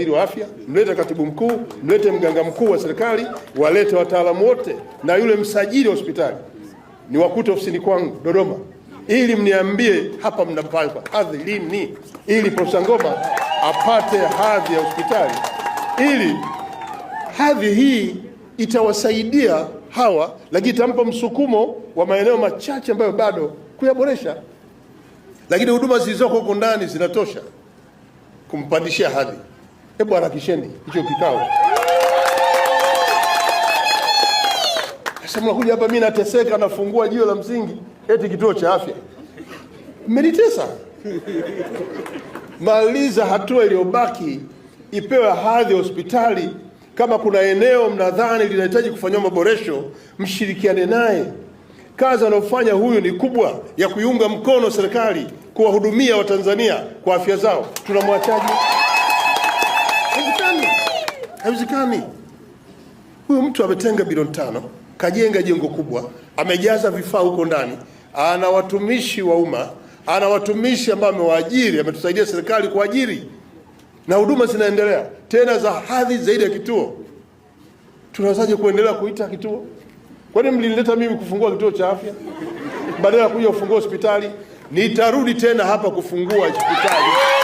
waziri wa afya, mlete katibu mkuu, mlete mganga mkuu wa serikali, walete wataalamu wote na yule msajili wa hospitali, niwakute ofisini kwangu Dodoma, ili mniambie hapa mnapaa hadhi lini, ili Profesa Ngoma apate hadhi ya hospitali, ili hadhi hii itawasaidia hawa, lakini itampa msukumo wa maeneo machache ambayo bado kuyaboresha, lakini huduma zilizoko huko ndani zinatosha kumpandishia hadhi. Hebu harakisheni hicho kikao. Sasa mnakuja hapa, mimi nateseka, nafungua jiwe la msingi, eti kituo cha afya. Mmenitesa. Maliza hatua iliyobaki, ipewe hadhi hospitali. Kama kuna eneo mnadhani linahitaji kufanyiwa maboresho, mshirikiane naye. Kazi anayofanya huyu ni kubwa, ya kuiunga mkono serikali kuwahudumia Watanzania kwa afya zao. Tunamwachaje? Haiwezekani. Huyu mtu ametenga bilioni tano, kajenga jengo kubwa, amejaza vifaa huko ndani, ana watumishi wa umma, ana watumishi ambao amewaajiri, ametusaidia serikali kuajiri, na huduma zinaendelea tena za hadhi zaidi ya kituo. Tunawezaje kuendelea kuita kituo? Kwani mlinileta mimi kufungua kituo cha afya badala ya kuja kufungua hospitali? Nitarudi tena hapa kufungua hospitali.